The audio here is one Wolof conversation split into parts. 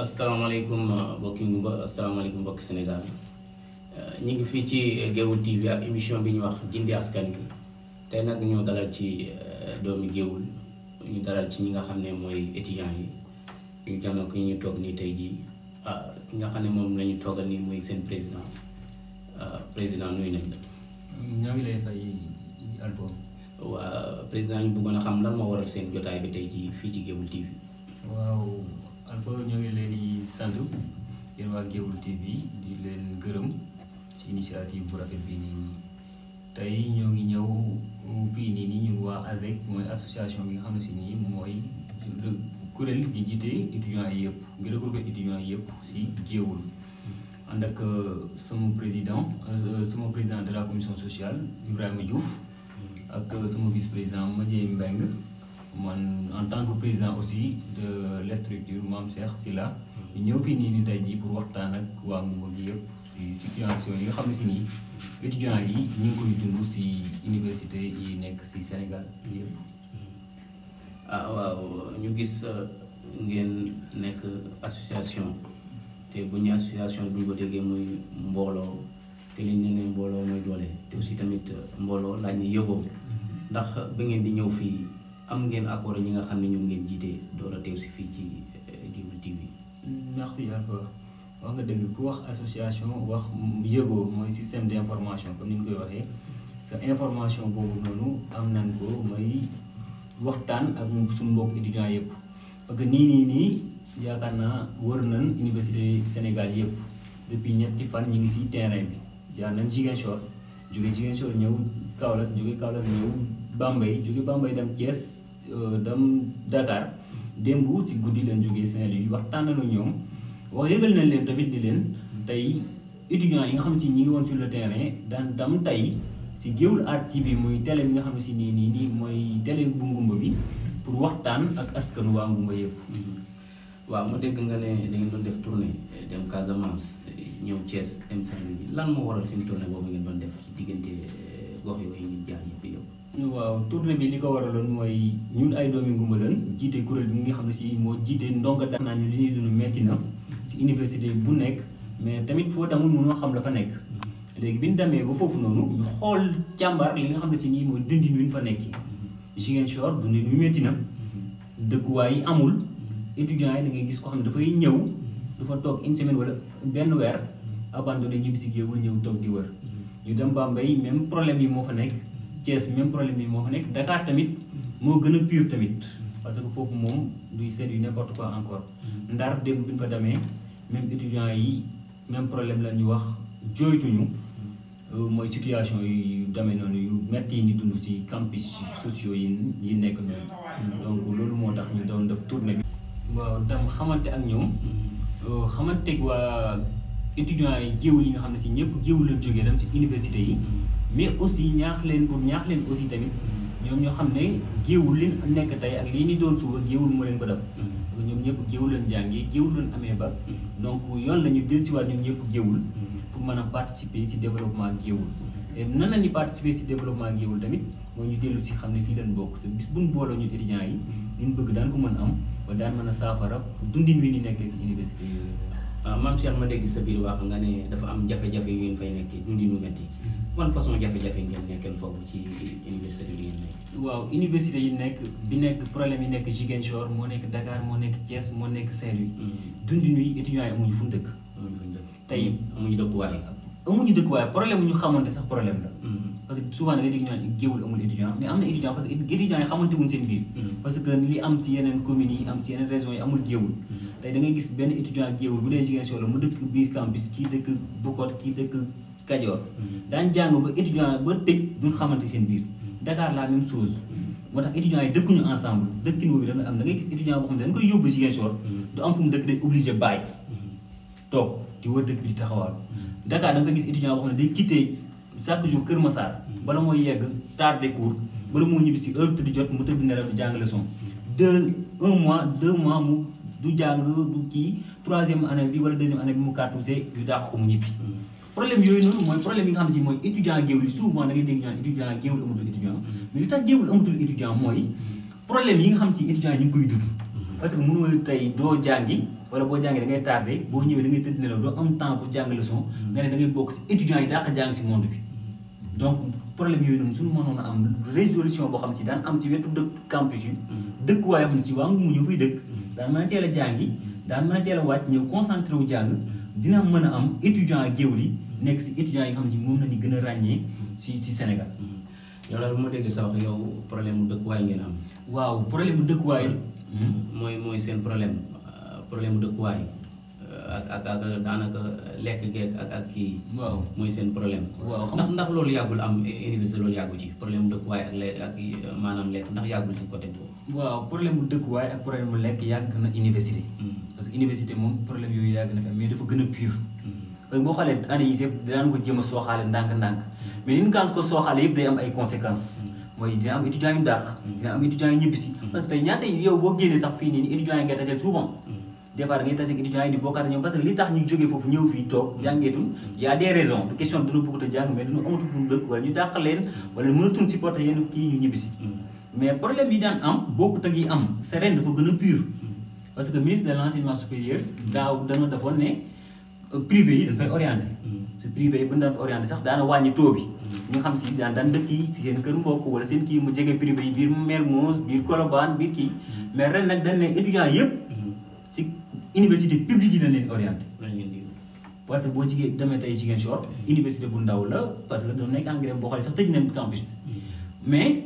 asalaamaaleykum uh, mbokki Ngumba asalaamaaleykum mbokki Sénégal uh, ñu ngi fii ci uh, Géoul TV ak émission bi ñu wax gindi askan bi te nag ñu dalal ci doomi Géoul ñu dalal ci ñi nga xam ne mooy étudiants yi ñu jàmm ko ñu toog nii tey jii ah ki nga xam ne moom la ñu toogal nii mooy seen président président nuyu nañ la. ñoo ngi lay fay album. waa président ñu bëggoon a xam na moo waral seen jotaay bi tey jii fii ci Géoul TV. waaw. apa ñoo ngi leen di sant yéen waa Géoul TV di leen gërëm ci initiative bu rafet bii nii nii tey ñoo ngi ñëw fii nii nii ñun waa ASEC moy association bi nga xam ne si nii mooy kuréel di jiite étudiants yi ngir regroupé étudiants yi yëpp si Géoul ànd ak sama président eh, sama président de la commission sociale Ibrahima Diouf ak sama vice président Madieye Mbengue man en tant que président aussi de la structure Mame Cheikh Sila ñu ñëw fii ni tey ji pour waxtaan ak waa nguur gi yëpp ci situation yi nga xam ne si nii étudiants yi ñu ngi koy dund si université yi nekk si Sénégal yëpp. ah waaw ñu gis euh, ngeen nekk association te bu ñu association bu ñu ko déggee muy mbooloo te li ñu ne mbooloo mooy doole te aussi tamit euh, mbooloo laaj ni yëgoo mm-hmm. ndax ba ngeen di ñëw fii. am ngeen accord ñi nga xam ne ñoom ngeen jiite door a teew si fii ci Guimel TV. merci Alpha wax nga dëgg ku wax association wax yëgoo mooy système d' information comme ni ñu koy waxee sa information boobu noonu am nañ ko mooy waxtaan ak ñun suñu mbokk étudiants yëpp parce que nii nii nii yaakaar naa wër nañ université Sénégal yëpp depuis ñetti fan ñu ngi si terrain bi jaar nañ Ziguinchor jóge Ziguinchor ñëw Kaolack jóge Kaolack ñëw Bambey jóge Bambey dem Thiès Euh, dam Dakar démb ci guddi leen jógee Saint-Louis waxtaan nañu ñoom wax yëgal na leen tamit ni leen tey étudiants yi nga xam si ñi ngi woon sur le terrain daan dam tey si Géoul Art TV muy tele bi nga xam si nii nii nii mooy télé bu ngumba bi pour waxtaan ak askan waa ngumba yëpp. Mhm. waaw mu dégg nga ne da doon def tournée dem Casamance ñëw Thiès dem Saint-Louis lan moo waral seen tournée boobu ngeen doon def diggante. gox yooyu ngeen jaar waaw tournée bi li ko war waraloon mooy ñun ay doomi ngumba lan jiite kuréel bi ngi xam ne si moo jiite ndonga daan naa ñu li ñuy dund metti na si université bu nekk mais tamit foo damul mënoo xam la fa nekk. léegi bi ñu demee ba foofu noonu ñu xool càmbar li nga xam ne si nii mooy dindi ñu fa nekki Ziguinchor dund ñu metti na dëkkuwaay yi amul étudiants yi da ngay gis ko xam ne dafay ñëw du fa toog une semaine benn weer abandonné ñibbi si géewul ñëw toog di ñu dem Bambey même problème yi moo fa nekk Thiès même problème yi moo fa nekk Dakar tamit moo gën a pur tamit parce que foofu moom duy seet yu n'importe quoi encore Ndar démb bi ñu fa demee même étudiants yi même problème la ñu wax jooytuñu euh, mooy situation yu demee noonu yu metti yi ñu dund ci campus sociaux yi yi nekk noonu donc loolu moo tax ñu doon def tournée bi waaw tam xamante ak ñoom mm-hmm. euh, xamante waa étudiants yi géew yi nga xam ne si ñëpp géew la jógee dem si université yi mais aussi ñaax leen pour ñaax leen aussi tamit ñoom ñoo xam ne géewul leen nekk tey ak lii ni doon suba géewul moo leen ba def ñoom ñëpp géewul leen jàngee géewul leen amee ba donc yoon la ñu dellusiwaat ñoom ñëpp géewul pour mën a participer si développement géewul na la ñuy participer si développement géewul tamit mooy ñu dellu si xam ne fii leen bokk sa bis buñ booloo ñu étudiants yi liñ bëgg daan ko mën am ba daan mën a saafara dundin wi ni nekkee si université Euh, maam Cheikh ma dégg sa biir wax nga ne dafa am jafe-jafe yu ngeen fay nekkee dundi nu metti wan mm-hmm. façon jafe-jafe ngeen nekkeen foofu ci université bi ngeen nekk. waaw université yi nekk bi nekk problème yi nekk Ziguinchor moo nekk Dakar moo nekk Thiès moo nekk Saint-Louis. Mm-hmm. dundi nuy étudiants yi amuñu fu mu dëkk. amuñu fu mu dëkk tey mm-hmm. amuñu dëkkuwaay. amuñu dëkkuwaay problème ñu xamante sax problème la. parce que souvent da ngay dégg ñu naan géewul amul étudiant mais am na parce que étudiants yi am ci yeneen communes yi am ci yeneen régions yi amul géewul tey da ngay gis benn étudiant jéewul bu dee Ziguinchor la mu dëkk biir campus kii dëkk Bukot kii dëkk Kajoor mm-hmm. daan jàng ba étudiant ba tëj duñ xamante seen biir mm-hmm. dakaar la même chose mm-hmm. moo tax étudiants yi dëkkuñu ensemble dëkkin boobu dana am da ngay gis étudiant boo xam ne dañ koy yóbbu Ziguinchor du am fu mu dëkk day obligé bàyyi toog di wër dëkk bi di taxawaal Dakar da gis étudiant boo xam ne day quitté chaque jour Kër Massar bala mooy yegg tardé cours bala moo ñibbi si heure tëdd jot mu tëdd nelaw di jàng leçon deux mois deux mois mu du jàng du kii troisième année bi wala deuxième année bi mu cartouché ñu dàq ko mu ñibbi. problème yooyu noonu mooy problème yi nga xam si mooy étudiant géewul souvent da ngay dégg ñaan étudiant géewul amatul étudiant mais li tax géewul amatul étudiant mooy problème yi nga xam si étudiant yi ñu koy dund parce que mënoo tey doo jàngi wala boo jàngi da ngay tardé boo ñëwee da tëdd nelaw doo am temps jàng leçon nga ne da bokk si étudiant yi dàq jàng si monde bi donc problème yooyu noonu suñu mënoon a am résolution boo xam si daan mën a teel a jàngi daan mën a teel wàcc ñëw concentré wu jàng dina mën a am étudiant ak géew li nekk si étudiant yi xam ne moom la ñu gën a ràññee si si Sénégal. Mm-hmm. yow daal bu ma déggee sa wax yow problème mu dëkkuwaay ngeen am. waaw problème mu dëkkuwaay. mooy mooy seen problème euh, problème mu dëkkuwaay euh, ak ak ak daanaka lekk geek ak ak kii. waaw mooy seen problème. waaw ndax ndax loolu yàggul am université loolu yàggu ci problème mu dëkkuwaay ak le ak euh, maanaam lekk ndax yàggul ci côté waaw problème mu dëkkuwaay ak problème mu lekk yàgg na université. Mm. parce que université moom problème yooyu yàgg na fi mais dafa gën a pire. Mm. parce que boo xoolee année yii yëpp daan ko jéem a sooxaale ndànk-ndànk. Mm. mais li ñu daan ko sooxaale yëpp day am ay conséquences. mooy dina am étudiant yu dàq. dina am étudiant yu ñibbisi. parce que tey ñaata yow boo génnee sax fii nii étudiant étudiants yi ngay taseel souvent. des fois da ngay tase ak étudiants yi di bokkaat ñoom parce que li tax ñu jógee foofu ñëw fii toog jàngeetul y a des raisons de question dina bëgg a jàng mais dina amatul dëkk wala ñu dàq leen wala mënatul supporter yenn kii ñu ñibbisi mais problème yi daan am bokkut ak yi am sa ren dafa gën a pur parce que ministre de l' supérieur daaw dañoo defoon ne euh, privé yi dañ fay orienté mm. su privé yi bu ñu daan fa orienté sax daana wàññi taux bi mm. ñu xam si daan daan dëkk yi si seen kër mbokk wala seen kii mu jege privé yi biir Mermoz biir Colobane biir kii mm. mais ren nag dañ ne étudiants yëpp ci université publique yi la leen orienté parce que boo jigee demee tey Ziguinchor université bu ndaw la parce que dañ nekk en boo xoolee sax tëj nañ mais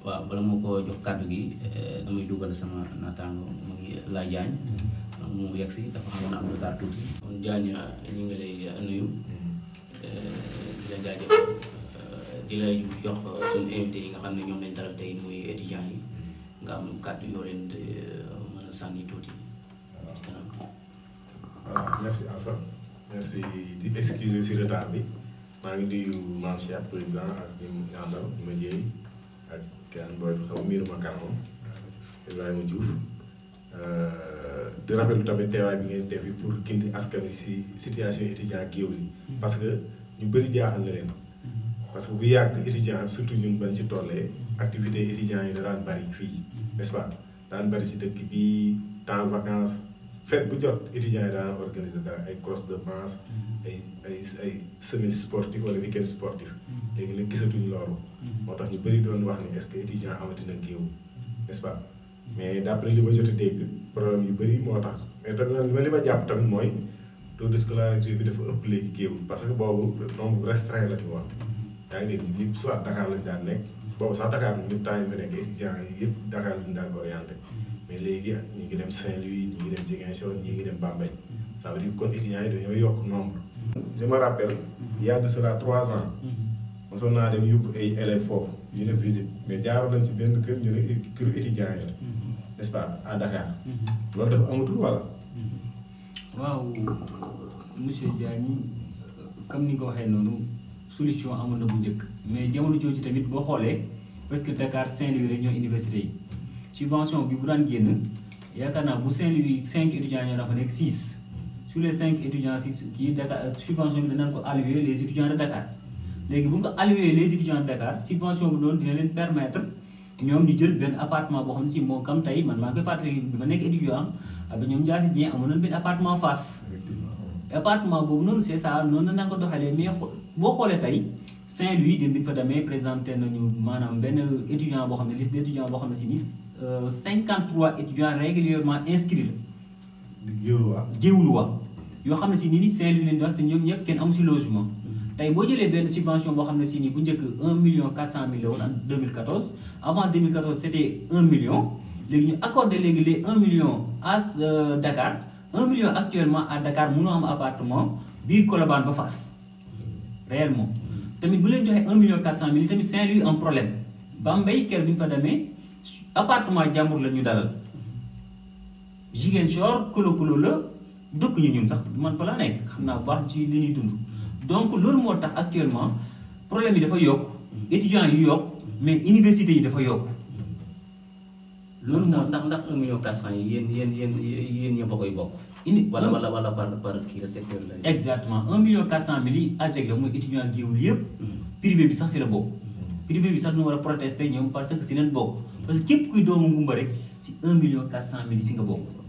waaw bala ma jox kàddu gi eh, damay sama naataango muy laa jaañ mm-hmm. mu yegg si dafa xamoon am retard tuuti kon jaañ ya, ñu ngi lay eh, nuyu mm-hmm. eh, di la jaajëfal di la jox suñu invité yi nga xam ne lañ dalal tey muy étudiants yi mm-hmm. nga am kàddu yoo leen mën merci Alpha merci di excuser retard bi ngi président ak ma keneen booy xaw a miiruma kanamam Ibrahima Diouf euh, di tamit teewaay bi ngeen teew yi pour gindi askan wi si situation étudiant géew yi parce que ñu bëri jaaxal na parce que bu yàgg étudiant surtout ñun bañ ci tollee activité étudiant yi da daan bëri fii n'est-ce pas daan bëri si dëkk bi temps vacances fet bu jot étudiant yi daan organiser ay cross de masse ay ay ay semaine sportive wala weekend sportif mm-hmm. léegi nag gisatuñ loolu. Mm-hmm. moo tax ñu bëri doon wax ni est-ce que étudiant amati na géew mm-hmm. n'est-ce pas mais d'après li ma jot a dégg problème moo tax mais li ma jàpp tamit mooy taux de scolarité bi dafa ëpp léegi géew parce que boobu nombre restreint la ñu woon. yaa lañ daan nekk boobu sax Dakar ñun temps yi mais léegi ñi ngi dem Saint-Louis ñi ngi dem Ziguinchor ñi ngi dem Bambey ça veut dire kon étudiants yi dañoo yokk nombre. je me rappelle il y a de cela trois ans on a dem yóbbu ay élèves foofu ñu def visite mais jaaroon nañ ci benn kër ñu ne kër étudiant yi la n'est-ce pas à Dakar loolu dafa amatul wala waaw monsieur Diagne comme ni nga ko waxee noonu solution amoon na bu njëkk mais jamono jooju tamit boo xoolee parce que Dakar Saint-Louis rek université subvention bi bu daan génn yaakaar naa bu Saint-Louis 5 étudiants ñoo dafa nekk six sur les cinq étudiants qui est Dakar euh, subvention de danañ les étudiants de Dakar léegi bu ñu les étudiants de Dakar subvention bi noonu permettre ñom ñu jël ben appartement bo xamni ci moo kam tey man ma ngi koy bima nek ma nekk étudiant am ak ñoom Dia Sy appartement face. appartement boobu non c'est ça non na ko doxale mais boo xoolee tey Saint-Louis dem bi fa demee présenté nañu maanaam benn étudiant bo xamni liste d'étudiants bo xamni ci 53 euh, étudiants régulièrement inscrits Géoulwa Géoulwa yoo xam ne si ni nit Saint Louis leen di wax te ñoom ñep kenn amu ci logement tay bo jëlee benn subvention bo xam ci ni bu njëkk 1 million 400 000 la en 2014 avant 2014 c'était 1 million légui ñu accordé légui les 1 million à euh, Dakar 1 million actuellement à Dakar mënu am appartement biir Colobane ba fas réellement tamit bu leen joxé 1 million 400 000 tamit Saint Louis am problème Bambey kër bi fa démé appartement jàmbur la ñu dalal. Ziguinchor kulo kulo la dëkk ñu ñu sax man fa laa nekk xam naa baax ci li ñuy dund donc loolu moo tax actuellement problème yi dafa yokk étudiants yi yokk mais université yi dafa yokk loolu moo ndax ndax un million quatre cent yi yéen yéen yéen yéen ñëpp a koy bokk ini wala wala wala par par kii la secteur la exactement un million quatre cent mille yi AGEC la mooy étudiant géewul yëpp privé bi sax si la bokk privé bi sax nu war a protester ñoom parce que si leen bokk parce que képp kuy doomu ngumba rek si un million quatre cent mille si nga bokk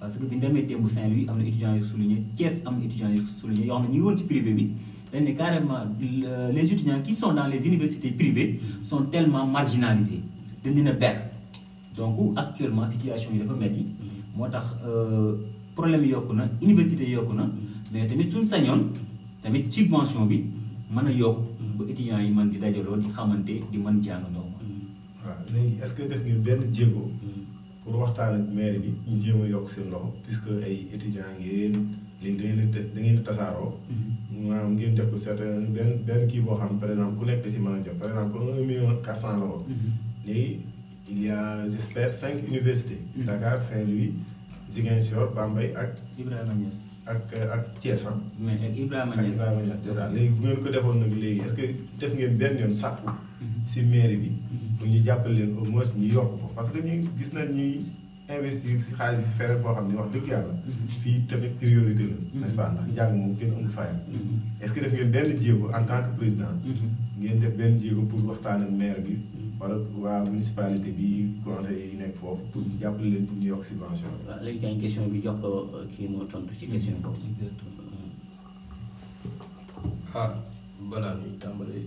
parce que bi ñu demee Saint-Louis am na étudiants yu souligné Thiès am na étudiants yu souligné yoo xam ne ñu ngi privé bi dañ ne carrément les étudiants qui sont dans les universités privées sont tellement marginalisés dañ leen a donc actuellement situation yi dafa metti moo tax euh, problème yi yokku na université yokku na mais tamit suñ sañoon tamit subvention bi mën a yokk ba étudiants yi mën di dajaloo di xamante di mën jàng ndox ma. waaw léegi est-ce que def ngeen benn jéego. Hmm pour waxtaan ak maire yi ñu jéem a yokk seen loxo puisque ay étudiants ngeen léegi da ngeen di da ngeen tasaaroo. Mhm. maanaam ngeen def ko certain benn benn kii boo xam par exemple ku nekk da si mën a jëm par exemple comme un million quatre cent la woon. Mhm. léegi il y a j'espère cinq universités. Mhm. Dakar Saint-Louis Ziguinchor Bambey ak. Ibrahima Niass. ak ak Thiès ah. mais ak Ibrahima Niass ak Ibrahima Niass léegi bu ngeen ko defoon nag léegi est-ce que def ngeen benn yoon sàpp. Mm-hmm. si mairie bi. Mm-hmm. pour ñu jàppale leen au moins ñu yokk parce que ñuy gis nañ ni investir si xaalis bi fere foo xam ne wax dëgg yàlla. Mm-hmm. fii tamit priorité la. n'est-ce pas ndax njàng moom kenn amul fayam. est-ce def ngeen benn jéego en tant que président. ngeen def benn jéego pour waxtaan ak maire bi. wala waa municipalité bi conseil yi nekk foofu pour ñu jàppale leen pour ñu yokk subvention bi. waaw léegi dañ question bi jox ko euh, kii moo tontu ci question boobu. ah balaa ñuy tàmbalee.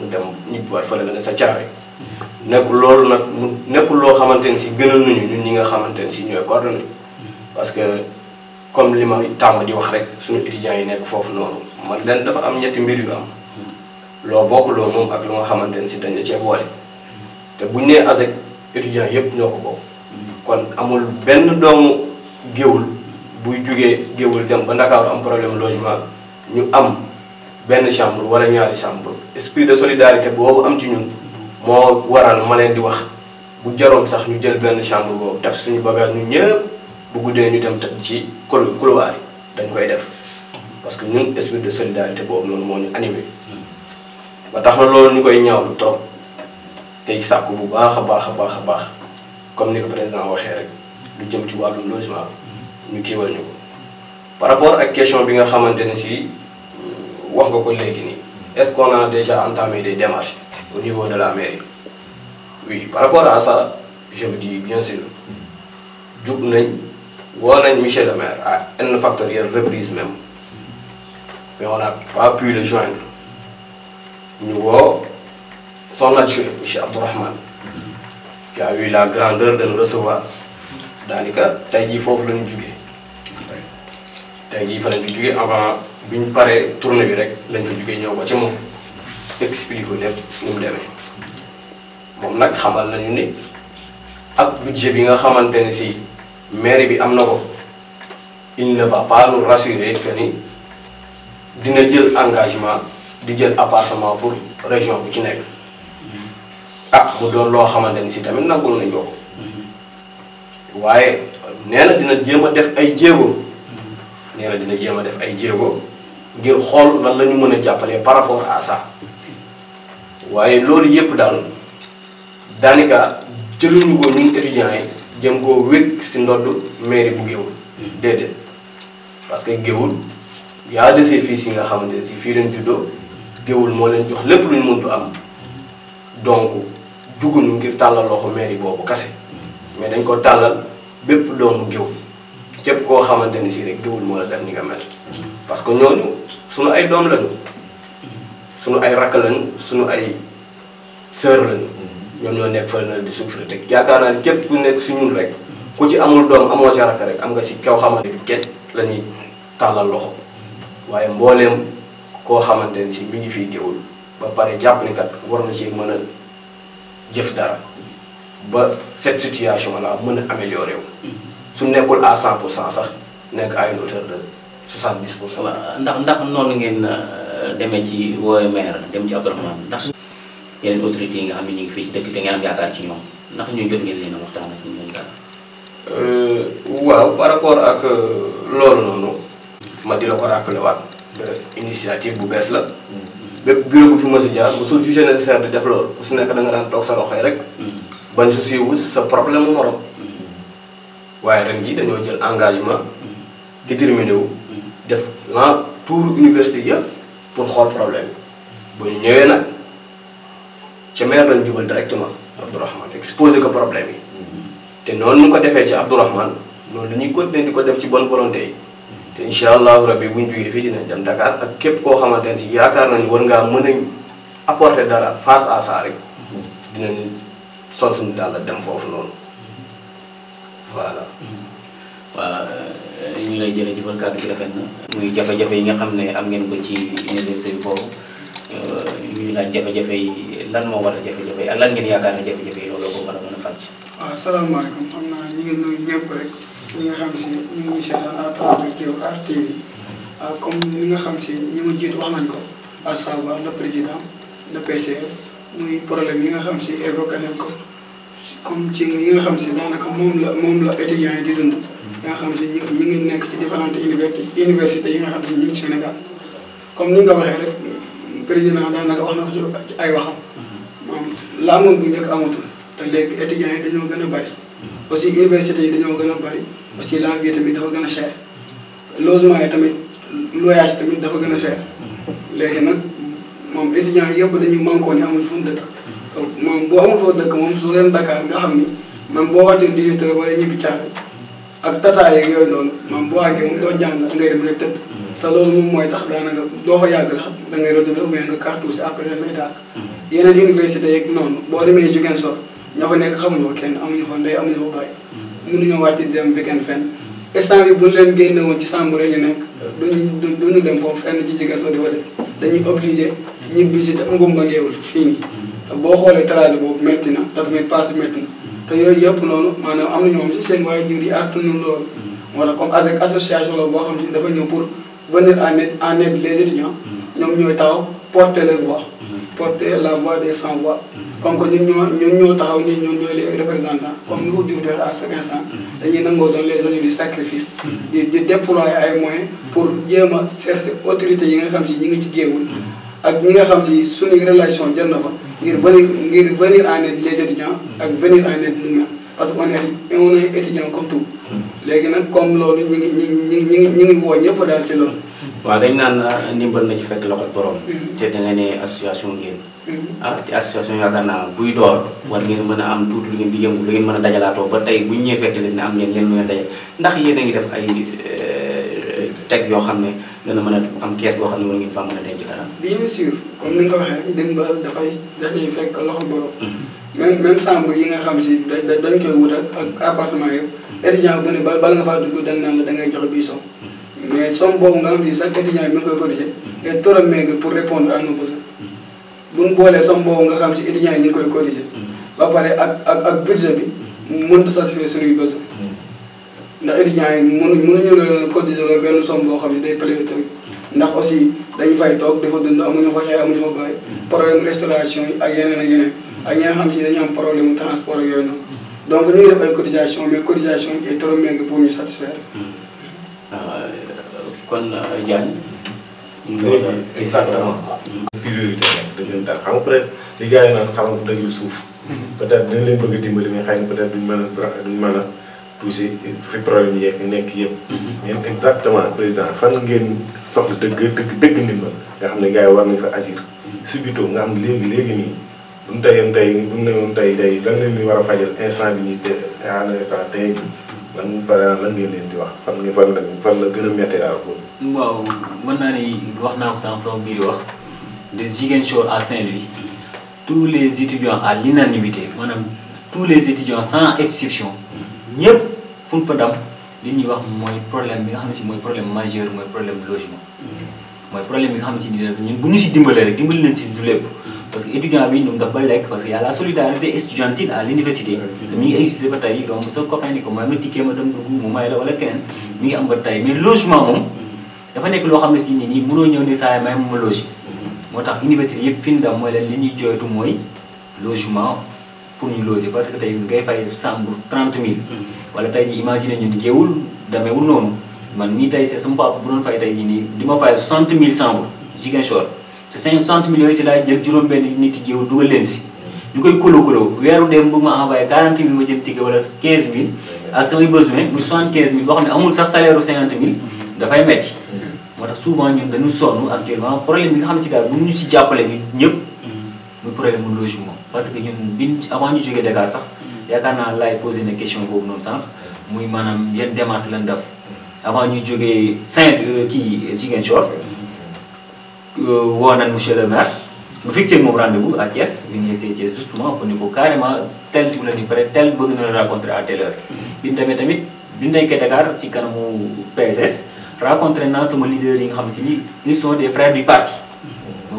mu dem ñibbiwaat fële la ne sa caabi nekkul loolu nag mu nekkul loo xamante ne si gënal nañu ñun ñi nga xamante ne si ñooy coordonné parce que comme li ma tàmm di wax rek suñu étudiants yi nekk foofu noonu man leen dafa am ñetti mbir yu am loo bokk loo moom ak lu nga xamante ne si dañ la cee boole te buñ nee ASEC étudiants yëpp ñoo ko bokk kon amul benn doomu géwul buy jugee géwul dem ba Ndakaaru am problème logement ñu am benn chambre wala ñaari chambre esprit de solidarité boobu am ci ñun moo waral ma leen di wax bu jaroon sax ñu jël benn chambre boobu def suñu bagage ñu ñëpp bu guddee ñu dem tëdd ci couloir couloir yi dañ koy def parce que ñun esprit de solidarité boobu noonu moo ñu animé ba tax na loolu ñu koy ñaawlu trop tey sàkku bu baax a baax a baax a baax comme ni ko président waxee rek lu jëm ci wàllu logement ñu kiiwal ñu ko par rapport ak question bi nga xamante ne si wax nga ko est-ce qu'on a déjà entamé des démarches au niveau de la mairie oui par rapport à ça je vous dis bien sûr nous nañ woo monsieur le maire à une factorielle reprise même mais on n'a pas pu le joindre ñu avons son nature, monsieur Abdourahmane qui a eu la grandeur de nous recevoir dans les cas foofu la ñu jugee tey jii fa la avant. bi ñu paree tourne bi rek lañ fa jógee ñëw ba ci moom expliqué ko lépp ni mu moom nag xamal nañu ni ak budget bi nga xamante ne si mairie bi am na ko il ne va pas nous rassurer que ni dina jël engagement di jël appartement pour région bu ci nekk mm-hmm. ah mu doon loo xamante ni si tamit nangul nañ ko mm-hmm. waaye nee na dina jéem a def ay jéego mm-hmm. nee na dina jéem a def ay jéego ngir xool lan lañu mën a jàppalee par rapport à ça waaye loolu yépp daal daanaka jëluñu ko ñun étudiants yi jëm koo wékk si ndodd mairie bu Géoul déedéet parce que Géoul yaa de ces fils yi nga xamante si fii leen juddoo géwul moo leen jox lépp lu ñu mëntu am donc juguñu ngir tàllal loxo mairie boobu kase mais dañ ko tàllal bépp doomu Géoul képp koo xamante ni si rek Géoul moo la def ni nga mel. parce que ñooñu suñu ay doom lañu suñu ay rakk lañu suñu ay sœur lañu ñoom ñoo nekk fële na di souffrir rek yaakaar naa ne képp ku nekk su ñun rek ku ci amul doom amoo si rakk rek am nga si kaw xamante ni kenn la tàllal loxo waaye mbooleem koo xamante ne si mi ngi fiy géwul ba pare jàpp ni kat war na ci mën a jëf dara ba cette situation am mën a améliorer wu su nekkul à 100 pour cent sax nekk a une hauteur de. 70 pour sama ndax ndax noonu ngeen eh, demee ci wooye maire dem ci Abdourahmane ndax yeneen autorité nga xam ne ngi fii ci dëkk da ngeen am yaakaar ci ñoom ndax ñu jot ngeen leen waxtaan ak ñun kan eh, waaw par rapport ak loolu noonu ma di la ko rappelé waat initiative bu bees la bépp bureau bu fi mësa jaar bu di def loolu nekk da nga daan sa rek bañ su sa problème morom waaye ren dañoo jël engagement déterminé wu def lan tour université yëpp pour xool problème bu ñu ñëwee nag ca maire lañ jubal directement Abdourahmane exposé ko problème yi te noonu ñu ko defee ci Abdourahmane noonu la ñuy continuer di ko def ci bonne volonté yi te incha allahu rabbi bu ñu fii dinañ dem Dakar ak képp koo xamante ne si yaakaar nañu war ngaa mën a apporter dara face à ça rek dinañ sol daal dem foofu noonu voilà waaw euh, ñu ngi lay jërëjëfal kàddu gi rafet na. muy jafe-jafe yi nga xam ne am ngeen ko ci université bi foofu euh, ñu laaj jafe-jafe yi lan moo war a jafe-jafe yi ak lan ngeen yaakaar ne jafe-jafe yi loolu ko war a mën a ñu nga xam si ñu ngi seetaan à travers Gueoulart TV euh, comme li nga xam si ñi ma jiitu wax ko à savoir le président le PCS muy problème yi nga xam si évoqué nañ ko. comme ci li nga xam si daanaka moom la moom la étudiants yi di dund. nga xam si ñu ñu ngi nekk ci différentes université universités yi nga xam si ñu ngi Sénégal comme ni nga waxee rek président daanaka wax na ko ci ay waxam. moom laa moom bu njëkk amatul te léegi étudiants yi dañoo gën a bari. aussi université yi dañoo gën a bari. aussi la vie tamit dafa gën a cher. logement yi tamit loyage tamit dafa gën a cher. léegi nag moom étudiants yëpp dañuy manqué woon ne amuñ fu donc moom boo xamul foo dëkk moom su leen Dakar nga xam ni même boo wàccee 18 heures wala ñibbi caaxi ak tata yeeg yooyu noonu moom boo àggee moom doo jàng ngay dem rek tëdd mm. te loolu moom mooy tax daanaka doo fa yàgg sax da ngay redoublé mais nga cartouche après da ngay daal mm. yeneen université yeeg noonu boo demee Ziguinchor ña fa nekk xamuñu ko kenn amuñu fa ndey amuñu fa bàyyi mm. mënuñoo wàcc dem weekend fenn instant bi bu ñu leen génne woon ci chambre ñu nekk duñu duñu dem foofu fenn ci Ziguinchor di fa def dañuy obligé ñibbi si te ngumba ngeewul fii te boo xoolee trajet boobu métti na te tamit paas bi métti na te yooyu yëpp loolu maanaam am na ñoom si seen waaye jur yi àttanu loolu moo tax comme avec association la boo xam si dafa ñëw pour venir en aide en aide les étudiants ñoom ñooy taxaw porter leur voix porter la voix des sans voix comme que ñun ñoo ñun ñoo taxaw nii ñoo ñooy les représentants comme ni ko Diouf defee à chaque instant dañuy nangoo doon les zones du sacrifice di di déployer ay moyens pour jéem a chercher autorités yi nga xam si ñi ngi ci géewul ak ñi nga xam si suñu relation jël na fa ngir venir ngir venir en aide les étudiants ak venir en aide l'humain parce que on est on est comme tout. léegi nag comme loolu ñu ngi ñu ngi ñu ngi ñu ngi woo ñëpp daal ci loolu. waaw dañ naan ni ah, ndimbal na ci fekk loxol boroom mm-hmm. te da nga ne association ngeen. Mm-hmm. ah te association yaakaar naa buy door. war ngeen mën a am tuuti lu ngeen di yëngu lu ngeen mën a dajalaatoo ba tey bu ñu ñëwee fekk leen ne am ngeen leen mën a dajal ndax yéen a ngi def ay eh, teg yoo xam ne. gën a mën a am kees boo xam ne war ngeen faa mën a denc dara. bien sûr comme ni nga ko waxee dem ba dafay dafay fekk loxo borom. Mhm. même même chambre yi nga xam si dañ koy wut ak appartement yëpp. Mhm. étudiant bu ne bala nga faa dugg dañ naan la da ngay joxe bii somme. mais somme boobu nga xam si chaque étudiant mi ngi koy corriger. Mhm. et trop maigre pour répondre à nos besoins. bu ñu boolee somme boobu nga xam si étudiant yi ñu koy corriger. ba pare ak ak ak budget bi. mënut a satisfaire suñuy besoins. ndax étudiants yi mënuñu mënuñu la cotiser la benn somme boo xam ne day pléthorique ndax aussi dañu fay toog dafa dund amuñu fa yaay amuñu fa bàyyi problème restauration yi ak yeneen ak yeneen ak ñi nga xam si dañu am problème transport ak yooyu noonu donc ñu ngi def ay cotisation mais cotisation yi est trop maigre pour ñu satisfaire. kon Diagne. exactement. priorité la dëggantaan xam nga peut être li gars yi naan xam nga dajul suuf. Mm-hmm. peut être dañ leen bëgg a dimbali mais xëy na peut être duñ mën a duñ mën a. problème mhm. exactement subito Saint-Louis tous les étudiants à l'unanimité tous les étudiants sans exception. ñëpp fu ñu fa dam li ñuy wax mooy problème bi nga xam ne si mooy problème majeur mooy problème mooy problème bi nga xam ne si ñun bu ñu si dimbalee rek dimbali leen si du lépp. parce que étudiant bi ñoom la solidarité estudiantine à l' université. te mi ngi existé ba tey donc sa copain ni ko mooy ma tikkee ma dem dugg mu may la wala keneen. mi ngi am ba tey mais logement moom. dafa nekk loo xam ne si nit ñi mënoo ñëw ne saa yi may ma loge. Mm-hmm. moo tax université yëpp fi ñu dem mooy leen li ñuy jooytu mooy logement. pour ñu loger parce que tey ngay fay chambre trente mille. wala tey jii imaginer ñun géewul demeewul noonu man nii tey sama papa bu doon fay tey jii nii di ma fay soixante mille chambre Ziguinchor te cinq soixante mille yooyu si laay jël juróom-benn nit yi géewul dugal leen si. ñu koy kolo kolo weeru dem bu ma envoyé quarante mille ma jël ticket wala quinze mille boo xam ne amul sax salaire ru cinquante dafay metti moo tax souvent ñun dañu sonn actuellement problème bi nga xam si daal bu ñu si jàppale ñun ñëpp. du problème mu logement parce que ñun biñ avant ñu jógee Dakar sax mm. yaakaar naa laay posé na question boobu noonu sànq muy maanaam yan démarche lañ def avant ñu jógee Saint euh, kii Ziguinchor euh, woo nañ monsieur le maire mu fixé moom rendez-vous à Thiès bi ñu yegsee Thiès justement ko ni ko carrément tel jour la ñu pare tel bëgg na la rencontrer à telle mm. demee tamit bi ñu nekkee Dakar ci kanamu PSS rencontré naa sama leader yi nga xam ne ni ils sont des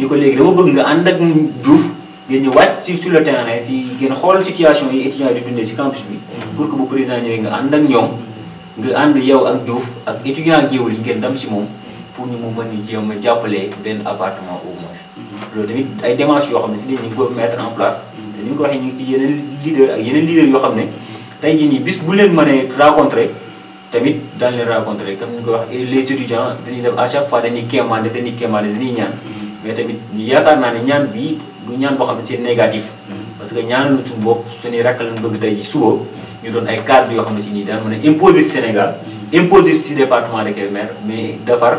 ni ko léegi dama bëgg nga ànd ak Diouf ngeen ñu wàcc si sur le terrain si ngeen xool situation yi étudiants di dundee si campus bi. Mm-hmm. pour que bu président ñëwee nga ànd ak ñoom. nga ànd yow ak Diouf ak étudiant Géoul yi ngeen dem si moom. pour ñu mu mën ni jéem a jàppale benn appartement au moins. Mm-hmm. loolu tamit ay démarches yoo xam ne si dañu ko mettre en place. Mm-hmm. te ni ñu ko waxee ñu ngi si yeneen leader ak yeneen leader yoo xam ne. tey jii nii bis bu leen mënee racontre tamit daan leen rencontré comme ko wax les étudiants à chaque fois dañuy kéemaane dañuy kéemaane mais tamit yaakaar naa ne ñaan bi du ñaan boo xam ne négatif parce que ñaan lu suñu bopp suñu rakk lañ bëgg tey ci suba ñu doon ay cadre yoo xam ne si nii daan mën a imposer Sénégal imposer si département de Kébémer mais defar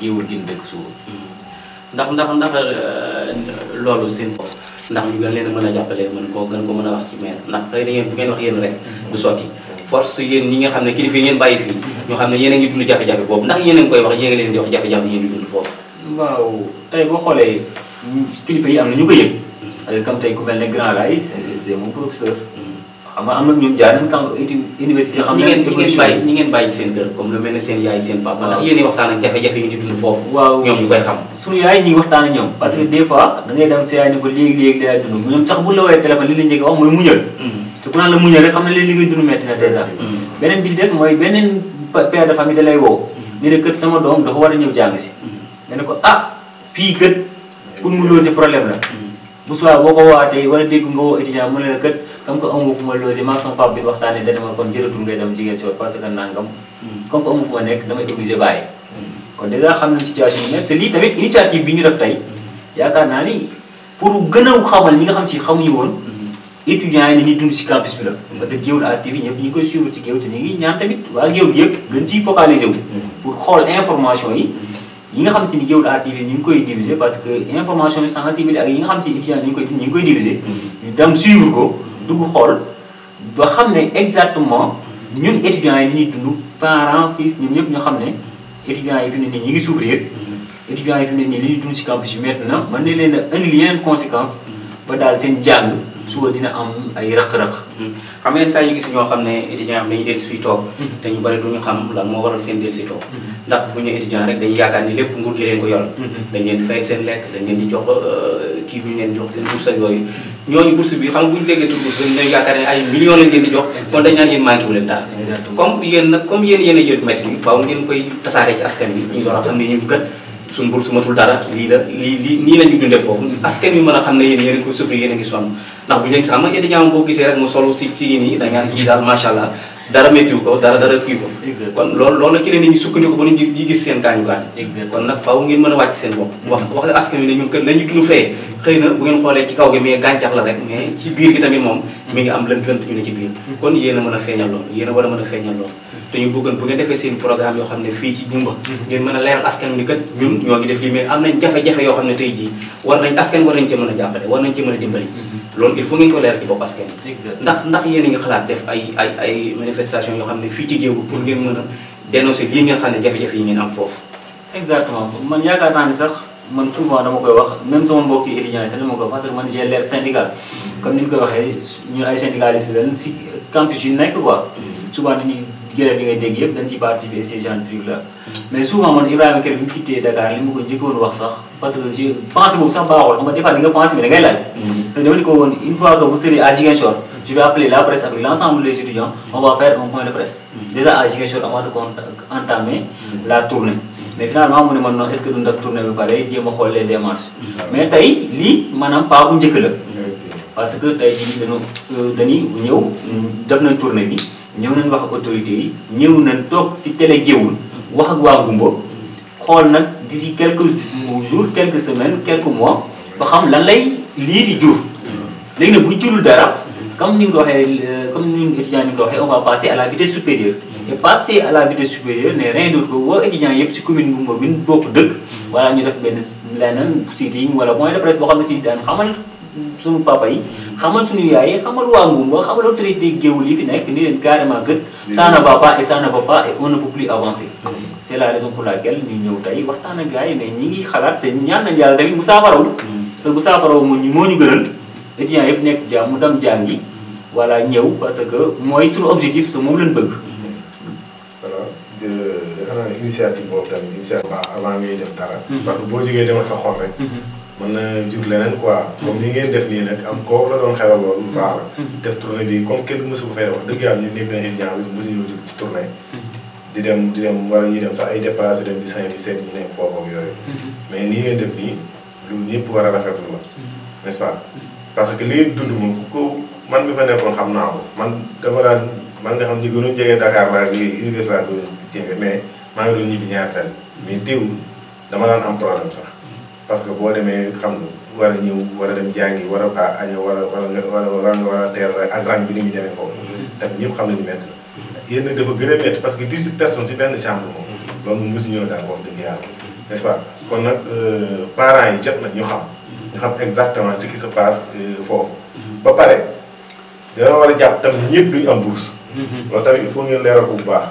jiwul gin dëkk suba ndax ndax ndax loolu seen bopp ndax ñu gën leen a mën a jàppale mën koo gën ko mën a wax ci maire ndax xëy na yéen bu ngeen wax yéen rek du sotti force yéen ñi nga xam ne kilifa yi ngeen bàyyi fii ñoo xam ne ngi dund jafe-jafe boobu ndax yéen ngi koy wax yéen leen di wax jafe-jafe yéen dund foofu waaw tey boo xoolee kilifa yi am na ñu ko yëg. comme tey ku mel ne grand laay c'est mon professeur. xam nga am na ñun jaar nañ camp université xam nañ ñi ngeen bàyyi seen kër comme lu mel ne seen yaay seen papa ndax yéen waxtaan ak jafe-jafe yi di dund foofu waaw ñoom ñu koy xam suñu yaay ñi waxtaan ak ñoom parce que des fois da ngay dem sa yaay ne ko léegi-léegi day dund ñoom sax bu la woowee téléphone li la njëkk wax mooy muñal mm-hmm. te ku naan la muñal rek xam ne li ngay dund mm-hmm. des mooy beneen père de famille da lay woo ni mm-hmm. ne kër war a ñëw jàng si ne ko ah fii kët pour mu loger problème la. bu subaa boo ko waatee wala dégg nga woo étudiant mu ne la kët comme que amu fu ma loger maa waxtaanee dana ma kon jërëtul ngay dem jigéen coor parce que nangam. comme que amu fu ma nekk damay obligé bàyyi. kon dèjà xam nañ situation bi nekk te lii tamit initiative bi ñu def tey yaakaar naa ni pour gën a xamal ñi nga xam si xamuñu woon. étudiants yi dañuy dund si campus bi la. parce que Gueoul Art TV ñu koy suivre ci Gueoul te ñu ngi ñaan tamit waa Gueoul yëpp gën ciy mm. pour xool information yi. yi nga xamante ni géewul article yi ñu ngi koy diviser parce que information yi sensible ak yi nga xamante ni client ñu ngi koy ñu ngi koy diviser ñu dem suivre ko dugg xool ba xam ne exactement ñun étudiants yi li ñuy dund parents fils ñun ñëpp ñoo xam ne étudiants yi fi mu ne nii ñu ngi souffrir étudiants yi fi mu ne nii li ñuy dund si campus yi métti na mën na leen a indi yeneen conséquence ba daal seen jàng suba dina am ay rëq-rëq. xam ngeen saa yu gis ñoo xam ne étudiant am dañuy dellusi fi toog. te ñu bari duñu xam lan moo waral seen dellusi toog. ndax bu ñu étudiant rek dañuy yaakaar ni lépp nguur gi leen ko yor. dañ leen di fay di jox euh, kii bu ñu leen jox seen bourse ak yooyu. ñooñu bourse bi xam nga bu ñu déggee tur bourse dañu yaakaar ne ay millions lañ leen di jox. kon dañ naan yéen manqué wu leen dara. comme yéen comme yéen yéen a jël mètre ngeen koy tasaare ci askan bi ñu door a ne ñu gën suñ bourse matul dara lii la lii lii nii lañu dundee foofu askan wi mën a xam ne yéen yéen a ko souffrir yéen a ngi sonn ndax bu ñu sax ma solo si ci yéen yi da ngaan kii daal macha allah dara méttiwu ko dara dara ko kon loolu loolu ñu gis seen gaañu kon nag faaw ngeen mën a wàcc seen bopp mm-hmm. wax wax askan wi ne ñun kër nañu dund fee xëy na bu ngeen xoolee ci kaw gi mais gàncax la rek mais ci biir gi tamit moom mi ngi am lënt lënt ñu ne ci biir mm-hmm. kon yéen a mën a feeñal loolu yéen a war a mën a feeñal loolu dañu bëggoon bu ngeen defee seen programme yoo xam ne fii ci Jumba ngeen mën a leeral askan ni kat ñun ñoo ngi def lii mais am nañ jafe-jafe yoo xam ne tey jii war nañ askan war nañ ci mën jàppale war nañ ci mën a mm-hmm. xam ne fii ci géewu pour ngeen mën a dénoncer lii ngeen xam ne jafe-jafe yi ngeen am foofu exactement man yaakaar naa ni sax man souvent dama koy wax même sama mbokki étudiants yi sax dama koy wax tsubanini gira dinga deg yeb dañ ci participer ces genre truc là mais souvent man Ibrahima Kër bi mu quitté Dakar li mu ko njëkkoon wax sax parce que je pensé boobu sax baaxul xam nga des fois di nga pensé mais da ngay laaj mais dama ni ko woon une fois que vous serez à Ziguinchor je vais appeler la presse avec l'ensemble des étudiants on va faire un point de presse déjà à Ziguinchor avant de entamer la tournée mais finalement mu ne man noonu est ce que duñ def tournée bi pare jéem a xool les démarches mais tey lii maanaam pas bu njëkk la parce que tey jii dañu dañuy ñëw def nañ tournée bi ñëw nañ wax ak autorité yi ñëw nañ toog si télé géewul wax ak waa Gumba xool nag d'ici quelques jours quelques semaines quelques mois ba xam lan lay lii di jur léegi nag bu jurul dara comme ni nga ko waxee euh, comme ni étudiant ni nga waxee on va passer à la vitesse supérieure et passer à la vitesse supérieure ne rien d'autre que woo étudiant yëpp si commune Gumba bi ñu bokk dëkk wala ñu def benn leneen sitting wala point de presse boo xam ne si daan xamal suñu papa yi xamal suñu yaay yi xamal waa Ngoumba xamal autorité géwul yi fi nekk ni leen carrément gët ça ne va pas et ça ne va et on ne plus avancer c' la raison pour laquelle ñu ñëw tey waxtaan ak gars yi mais ñi ngi xalaat te ñaan nañ yàlla tamit mu saafaraw te bu saafaraw moo ñu gënal étudiants yëpp nekk jàmm mu dem jàngi voilà ñëw parce que mooy suñu objectif su moom lañ bëgg voilà xanaa initiative boobu tamit initiative avant ngay def dara mm-hmm. parce que boo jógee sa xol rek mm-hmm. mën na jur leneen quoi. comme ni ngeen def nii nag am kooku la doon xelal loolu. lu baax la mm-hmm. def tournée bi comme kenn mësu ko fay dëgg yàlla ñu nekk nañu ñaar mësu ñoo jug ci tournée. Mm-hmm. di dem di sax ay déplacé dem di Saint-Louis seet ñu nekk kooku yooyu. Mm-hmm. war a rafetlu la. nest parce que li ngeen dund man mi fa nekkoon xam naa ko man dama daan man nga xam ñi gën a jege Dakar laa jógee université laa mais maa ngi doon ñibbi ñaar tali mais teewul dama daan am problème sax. parce que boo demee xam na war a ñëw war a dem jàngi war a a año war a nga war a war ak rang bi ni ñu demee ko mm-hmm. tam ñëpp xam nañu métti la yéen nag dafa gën a métti parce que 18 personnes si benn chambre moom mm-hmm. loolu moom mosu ñëw daal wax dëgg yàlla n'est-ce pas kon nag euh, parents yi jot na ñu xam ñu xam exactement ce qui se passe euh, foofu mm-hmm. ba pare dana war a jàpp tam ñëpp duñu am bourse loolu tamit ngeen leeral ko bu baax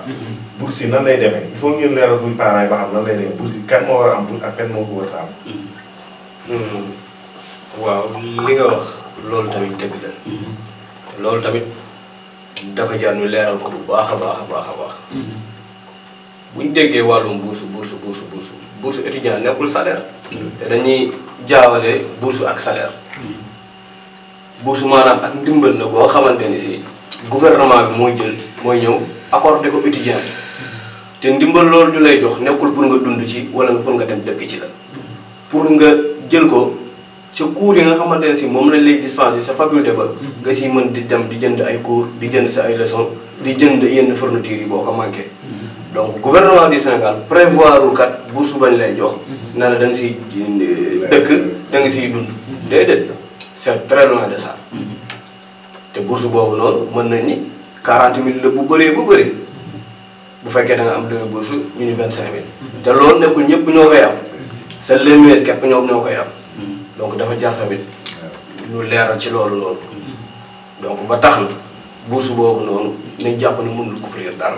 bourse yi nan lay demee il faut ngeen leeral buñ parents yi ba xam nan lay demee bourse yi kan moo war a am bourse ak kan moo ko war a am. Hmm. waaw li nga wax loolu tamit dëgg la. Hmm. loolu tamit dafa jaar ñu leeral ko bu baax a baax a baax hmm. déggee wàllum bourse bourse bourse bourse bourse étudiant nekkul salaire. te dañuy jaawale bourse ak salaire. bourse maanaam ak ndimbal na koo xamante ni si gouvernement bi moo jël mooy ñëw accordé ko étudiant te ndimbal lor ñu lay jox nekkul pour nga dund ci wala pour nga dem dëkk ci la pour nga jël ko sa cours yi nga xamante si moom lañ lay dispensé sa faculté ba nga si mën di dem di jënd ay cours di jënd sa ay leçons di jënd yenn fourniture yi boo ko manqué donc gouvernement du Sénégal prévoirul kat bourse bañ lay jox na la da nga siy dëkk da nga siy dund déedéet c' est très loin de ça te bourse boobu noonu mën nañ ni 40 000 la bu bëree bu bëree bu fekkee da nga am demi bourse ñu ni vingt cinq mille mhm. te loolu nekkul ñëpp ñoo koy am sa lémuwéer képp ñoom ñoo koy am mhm. donc dafa jar tamit leeral ci loolu noonu mhm. donc ba tax na bourse boobu noonu nañ jàpp ne mënul couvrir dara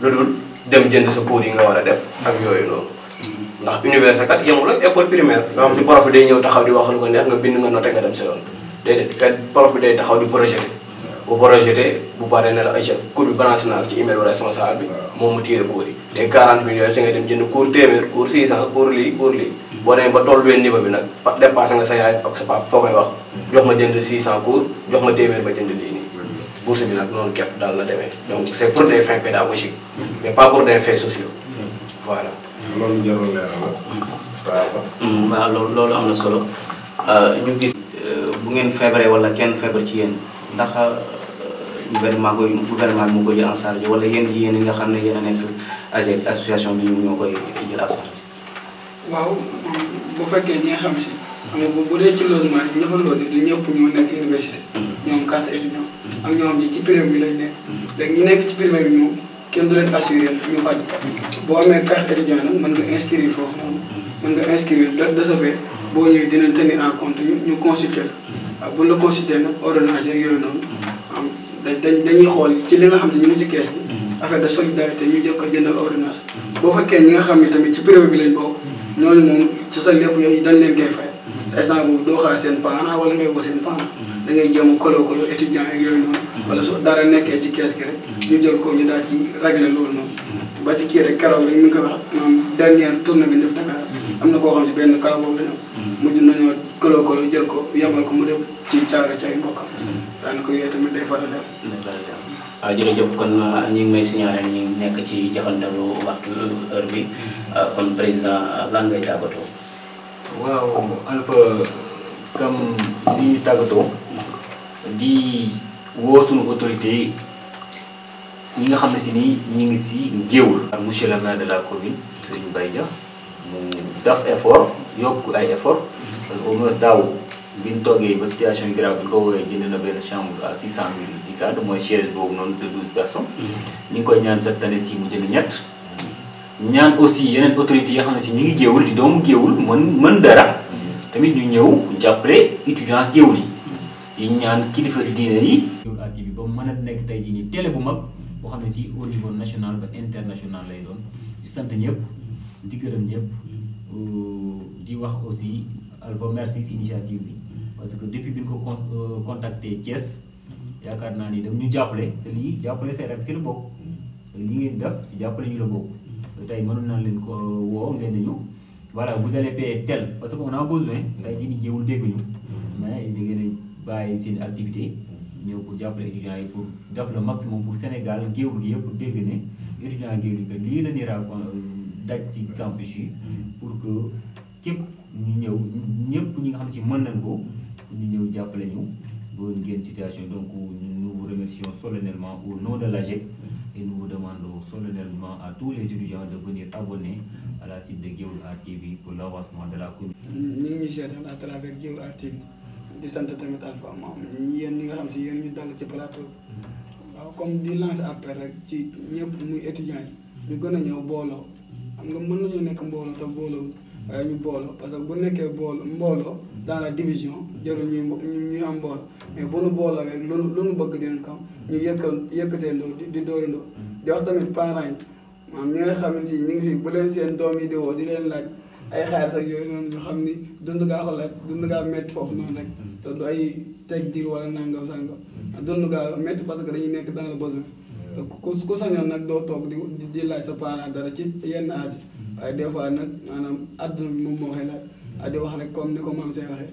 lu dul dem jënd sa cours yi nga war a def ak yooyu noonu ndax université kat yemul ak école primaire nga xam si prof bi day ñëw taxaw di wax ko neex nga bind nga noté nga dem sa yoon déedéet kat prof bi day taxaw di projeté bu ko rejeté bu paree ne la ay chef cour bi balancé naa ci email responsable moom mu téye cours yi te 40 millions yooyu ci ngay dem jënd cours téeméer cours 600 cours lii cours lii hmm. boo ba toll benn niveau bi nag dépassé nga sa yaay ak sa pap foo koy wax hmm. jox ma jënd 600 cours jox ma téeméer ba jënd lii nii hmm. bourse bi nag noonu kepp daal la demee donc c' est pour des fins pédagogiques mais pas pour des fins sociaux voilà loolu am na solo euh, ñu gis euh, bu ngeen feebaree wala kenn feebar ci yéen ndax gouvernement koy gouvernement bi mu koy jël en charge wala yéen yéen yi nga xamné ne nek a association bi ñu ñoo koy jël en charge. waaw bu fekkee ñi nga xam si. xam nga bu dee ci logement yi ña fa du ñëpp ñu nekk université. Mm-hmm. ñoom carte étudiant. Mm-hmm. ak ñoom ci ci primaire bi lañ nekk. Mm-hmm. léegi ñi nekk ci primaire bi moom kenn du leen assuré ñu faj. boo amee carte étudiant nag mën nga inscrire foofu noonu. mën nga inscrire de de ce fait boo ñëwee dinañ tenir en compte ñu consulter la. bu ñu la consulter nag ordonnance yooyu noonu. dañ dañuy xool ci li nga xam ne ñu ngi ci kees bi. Mm-hmm. affaire de solidarité ñu jël ko jëndal ordonnance. Mm-hmm. boo fekkee ñi nga xam ne tamit ci période bi lañ bokk. Mm-hmm. ñooñu moom ci sa lépp yooyu dañ leen koy fay. instant boobu doo xaar seen parent wala ngay woo seen parent. a koloo koloo étudiant ak yooyu noonu. wala su dara nekkee ci kees gi rek. ñu jël ko ñu daal ci régler loolu noonu. ba ci kii rek keroog rek ñu ngi koy wax bi ñu def Dakar. am na koo xam si benn cas boobu la ñu am. mujj nañoo koloo koloo jël ko yabal ko mu dem. ci caaro ci ay mbokkam. Mm-hmm. daan ko yee tamit ah, ah, ñu ngi nekk ci jaxantalu waxtu heure bi mm-hmm. ah, kon président lan ngay tàggatoo. waaw Alpha comme li tàggatoo di woo suñu autorité yi ñi nga xam ne si nii ñu ngi si géewul. monsieur le maire de la commune Serigne mu def effort yokk ay effort mm-hmm. daaw. bi ñu toogee ba situation yi bi ñu ko woowee jënd na benn chambre à 600000 di cadre mooy chaise boobu noonu de 12 personnes. Mm-hmm. ñu ngi koy ñaan sa année ci mu jënd ñett. ñaan aussi yeneen autorités yoo xam ne si ñu ngi géewul di doomu géewul mën mën dara. Mm-hmm. tamit ñu ñëw jàppale étudiants géewul yi. ñu mm-hmm. ñaan kilifa diine yi. Géewul at bi ba mën a nekk tey jii nii télé bu mag boo xam ne si au niveau national ba international lay doon di sant ñëpp di gërëm ñëpp di wax aussi alfa merci si parce que depuis bi ñu ko con euh, contacté yaakaar naa ni daf ñu jàppale te lii jàppale say rak ci la bokk li ngeen def ci jàppale ñu la bokk tey mënoon naa leen ko euh, woo ngeen nañu ñu voilà vous allez tel parce que on a besoin tey jii ni jéewul dégg ñu mais da ngeen bàyyi seen activité ñëw ko jàppale étudiants yi pour def le maximum pour Sénégal géew gi yëpp dégg ne étudiants géew yi que lii la ñuy raconte euh, daj ci campus yi pour que képp ñu ñëw ñëpp ñi nga xam ci mën nañ ko ñu ñëw jàppale ñu ba ngeen situation donc nous vous remercions solennellement au nom de l'AGEC et nous vous demandons solennellement à tous les étudiants de venir abonner à la site de Gueoulart TV pour l'avancement de la commune. Nous ngi à travers Gueoulart TV di centaines tamit Alpha Maam yéen ñi nga xam si yéen ñu dal ci plateau comme di lancer appel rek ci ñëpp muy étudiants yi ñu gën a ñëw booloo xam nga mën nañu nekk mbooloo ñu parce que bu nekkee booloo mbooloo dans la division jarul ñuy ñuy am mbool mais bu nu boolawee lu lu nu bëgg dinañ kam ñu yëkka yëkkateendoo di dóorandoo di wax tamit parents yi maanaam ñi nga xam ne si ñu ngi seen doom yi di di leen laaj ay xaar sax yooyu noonu ñu xam ni dund ngaa xalaat dund ngaa métti foofu noonu rek te du ay teg diir wala nangam sangam dund ngaa métti dañuy nekk dans le besoin te ku ku sañoon nag doo toog di di laaj sa parent dara ci yenn âge waaye des fois nag maanaam àdduna bi moom moo xëy di wax rek comme ni ko maam see waxee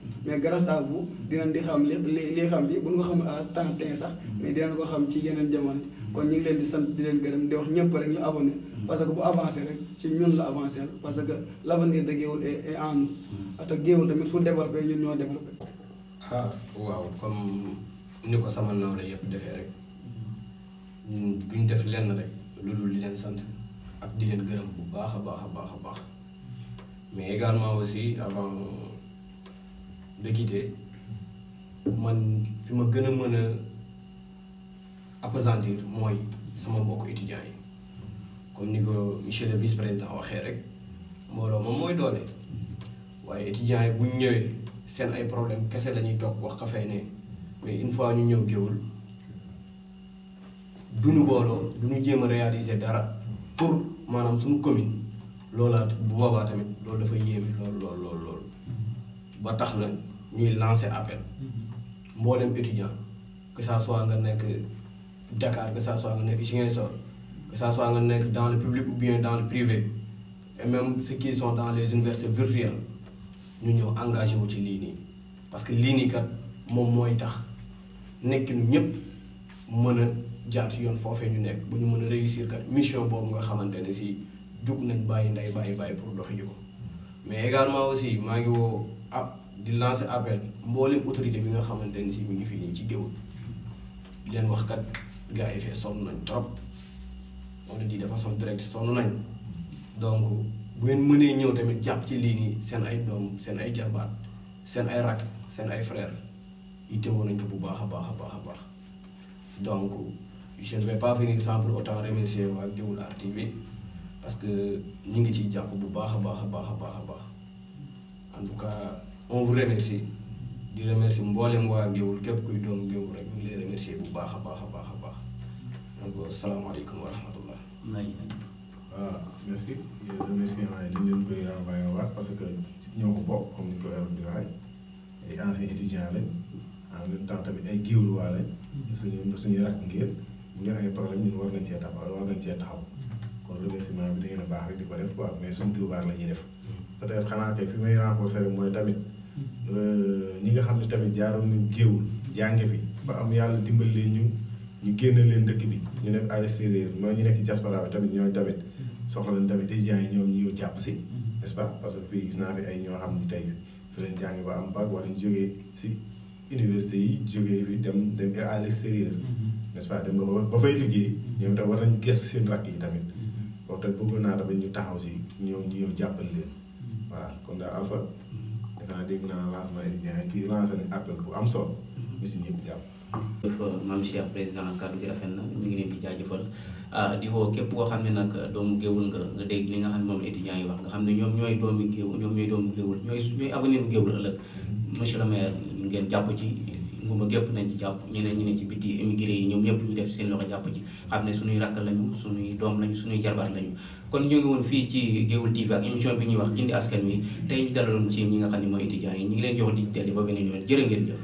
mais grâce à vous di xam li li xam bi bu ñu ko xam à temps temps sax mais dinañ ko xam ci yeneen jamono kon ñu ngi leen di sant di leen gërëm di wax ñëpp rek ñu abonné parce que bu avancé rek ci ñun la avancé parce que l' avenir de Géoul est en nous te Géoul tamit fu développé ñun ñoo développé. ah waaw comme ni ko sama naw la yëpp defee rek duñ def lenn rek lu dul di leen sant ak di leen gërëm bu baax a baax a baax a baax mais également aussi avant. de guider man fi ma gën a mën a appesantir mooy sama mbokk étudiants yi comme ni ko monsieur le vice waxee rek mbooloo moom mooy doole waaye étudiants yi bu ñëwee seen ay problème kese la ñuy wax xafee ne mais une fois ñu ñëw géwul du ñu booloo du ñu jéem a réaliser dara pour maanaam suñu commune loolaat bu boobaa tamit loolu dafa yéeme lool lool lool lool ba tax na. ñuy lancer appel mboolem étudiant que ça soit nga nekk Dakar que ça soit nga nekk Ziguinchor que ça soit nga nekk dans le public ou bien dans le privé et même ceux qui sont dans les universités virtuelles ñu ñëw engagé wu ci lii nii parce que lii nii kat moom mooy tax nekkinu ñëpp mën a jaat yoon foofee ñu nekk bu ñu mën a réussir kat mission boobu nga xamante ne si dugg nañ bàyyi ndey bàyyi bàyyi pour doxi ko mais également aussi maa ngi woo ah di lancer appel mboolem autorité bi nga xamante ni si mi ngi fii nii ci géwul di leen wax kat gars yi fee sonn nañ trop on le dit de façon directe jabat nañ donc bu ngeen mënee ñëw tamit jàpp ci lii nii ay doom seen ay jarbaat seen ay rak seen ay frère itteewoo nañ ko bu baax a baax baax donc je ne vais pas venir sans pour autant remercier waa géwul artiste bi parce que ngi bu baax en tout cas on vous remercie di remercier mboolem waar Géoul képp kuy doomu Géoul rek ñu ngi lay bu baax a baax a baax a baax a salaamaaleykum wa rahmatullah. voilà ah, merci remerciement yi dañ leen koy envoyé waat parce que ñoo ko bokk comme ni ko Europe di waxee ay anciens étudiants lañ en même temps tamit ay Géouluwaay lañ. suñu suñu rakk ngeen bu war nañ cee taxaw war nañ cee taxaw kon remerciement ngeen a baax rek di ko def quoi mais suñu devoir la mm. xanaa kay fi may renforcer mooy tamit. ñi nga xam ne tamit jaaroon nañ géewul jànge fi ba am yàlla dimbal leen ñu ñu génn leen dëkk bi ñu nekk à l'extérieur mooy ñu nekk ci diaspora bi tamit ñooñu tamit soxla nañ ñu jàpp si nest parce que fii gis naa fi ay ñoo xam ne tey fi ba am bac wala ñu jógee si université yi jógee fi dem dem à l'extérieur mm-hmm. n'est-ce pas dem ba ba fay liggéey ñoom tam war nañ gëstu seen rakk yi tamit boobu mm-hmm. tamit bëggoon naa tamit ñu taxaw si ñëw ñu ñëw jàppal leen mm-hmm. voilà kon daal Alpha naa dégg naa lancement yi ñaa kii lancé na appel bu am solo ni si ñëpp jàpp jëf maam Cheikh président kaddu gi rafet na ñu ngi leen di jaajëfal di woo képp koo xam ne doomu géewul nga nga dégg li nga xam ne moom yi wax nga xam ne doomu doomu avenir monsieur le maire ngeen ci buuba gépp nañ ci jàpp ñeneen ñi ci biti émigré yi ñoom ñëpp ñu def seen loxo jàpp ci xam ne suñuy rakk lañu suñuy doom lañu suñuy jarbaat lañu kon ñu ngi woon fii ci Géoul TV ak bi ñuy wax gindi askan wi tey ñu dalaloon ci ñi nga xam ne mooy étudiants yi ñu ngi leen jox dig daje ba beneen yoon jërë ngeen jëf